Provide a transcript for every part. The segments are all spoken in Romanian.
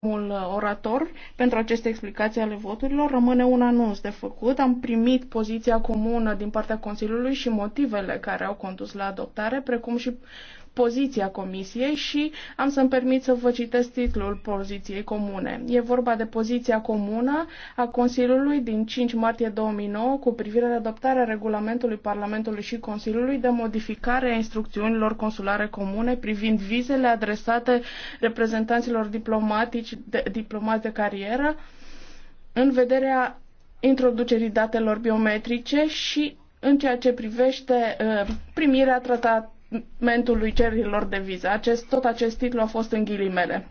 primul uh, orator pentru aceste explicații ale voturilor. Rămâne un anunț de făcut. Am primit poziția comună din partea Consiliului și motivele care au condus la adoptare, precum și poziția Comisiei și am să-mi permit să vă citesc titlul poziției comune. E vorba de poziția comună a Consiliului din 5 martie 2009 cu privire la adoptarea regulamentului Parlamentului și Consiliului de modificare a instrucțiunilor consulare comune privind vizele adresate reprezentanților diplomatici de, diplomați de carieră în vederea introducerii datelor biometrice și în ceea ce privește uh, primirea tratat mentului cererilor de viză. Acest, tot acest titlu a fost în ghilimele.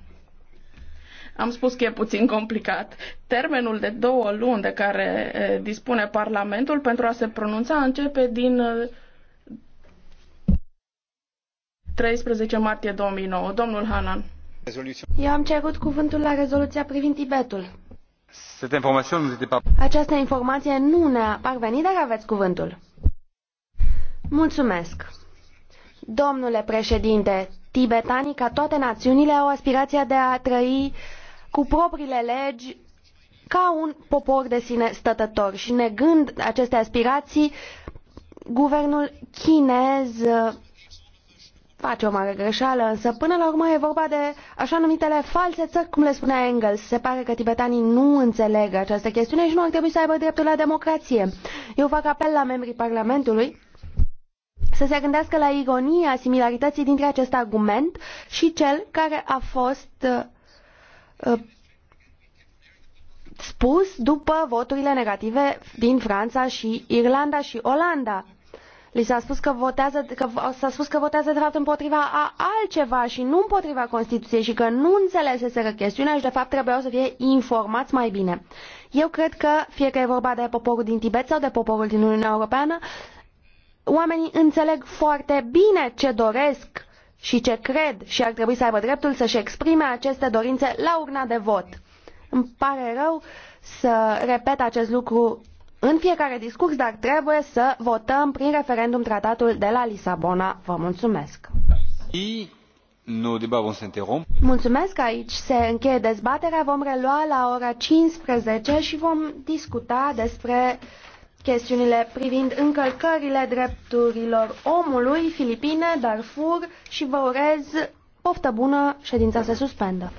Am spus că e puțin complicat. Termenul de două luni de care dispune Parlamentul pentru a se pronunța începe din 13 martie 2009. Domnul Hanan. Eu am cerut cuvântul la rezoluția privind Tibetul. Această informație nu ne-a parvenit, dar aveți cuvântul. Mulțumesc. Domnule președinte, tibetanii, ca toate națiunile, au aspirația de a trăi cu propriile legi ca un popor de sine stătător și negând aceste aspirații, guvernul chinez face o mare greșeală, însă până la urmă e vorba de așa numitele false țări, cum le spunea Engels. Se pare că tibetanii nu înțeleg această chestiune și nu ar trebui să aibă dreptul la democrație. Eu fac apel la membrii Parlamentului să se gândească la ironia similarității dintre acest argument și cel care a fost uh, uh, spus după voturile negative din Franța și Irlanda și Olanda. Li s-a spus că votează, că s-a spus că votează de fapt împotriva a altceva și nu împotriva Constituției și că nu înțeleseseră chestiunea și de fapt trebuiau să fie informați mai bine. Eu cred că, fie că e vorba de poporul din Tibet sau de poporul din Uniunea Europeană, oamenii înțeleg foarte bine ce doresc și ce cred și ar trebui să aibă dreptul să-și exprime aceste dorințe la urna de vot. Îmi pare rău să repet acest lucru în fiecare discurs, dar trebuie să votăm prin referendum tratatul de la Lisabona. Vă mulțumesc! Mulțumesc, aici se încheie dezbaterea, vom relua la ora 15 și vom discuta despre chestiunile privind încălcările drepturilor omului, Filipine, Darfur și vă urez poftă bună, ședința se suspendă.